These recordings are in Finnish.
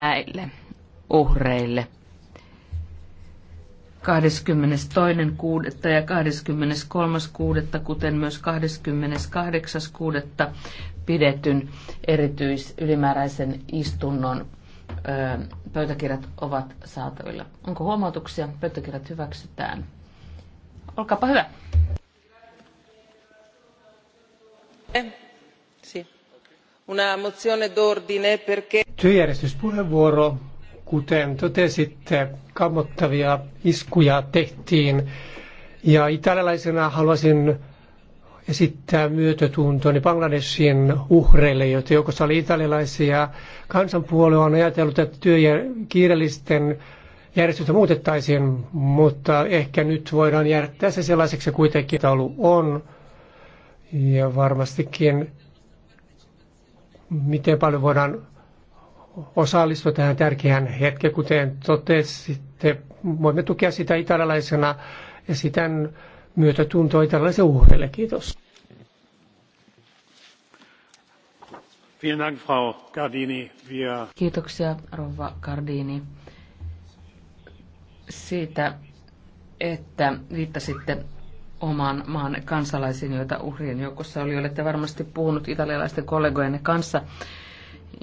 näille uhreille. 22.6. ja 23.6. kuten myös 28.6. pidetyn erityis ylimääräisen istunnon pöytäkirjat ovat saatavilla. Onko huomautuksia? Pöytäkirjat hyväksytään. Olkaapa hyvä. Eh, si una mozione d'ordine perché... Työjärjestyspuheenvuoro, kuten totesitte, kammottavia iskuja tehtiin. Ja italialaisena haluaisin esittää myötätuntoni Bangladeshin uhreille, joita joukossa oli italialaisia. Kansanpuolue on ajatellut, että työjär- kiireellisten järjestystä muutettaisiin, mutta ehkä nyt voidaan jättää se sellaiseksi kuitenkin, että ollut on. Ja varmastikin miten paljon voidaan osallistua tähän tärkeään hetkeen, kuten totesitte. Voimme tukea sitä italialaisena ja sitä myötätuntoa italialaisen uhreille. Kiitos. Kiitoksia, rouva Gardini, siitä, että viittasitte oman maan kansalaisiin, joita uhrien joukossa oli. Olette varmasti puhunut italialaisten kollegojenne kanssa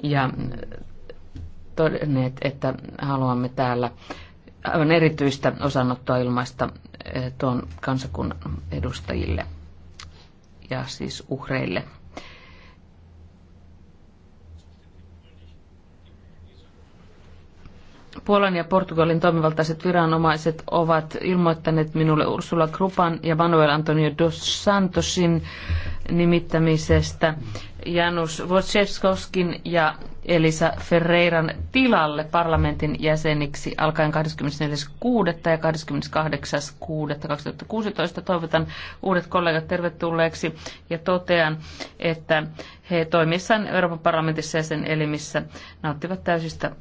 ja todenneet, että haluamme täällä aivan erityistä osanottoa ilmaista eh, tuon kansakunnan edustajille ja siis uhreille. Puolan ja Portugalin toimivaltaiset viranomaiset ovat ilmoittaneet minulle Ursula Krupan ja Manuel Antonio dos Santosin nimittämisestä Janus Wojciechowskin ja Elisa Ferreiran tilalle parlamentin jäseniksi alkaen 24.6. ja 28.6.2016. Toivotan uudet kollegat tervetulleeksi ja totean, että he toimissaan Euroopan parlamentissa ja sen elimissä nauttivat täysistä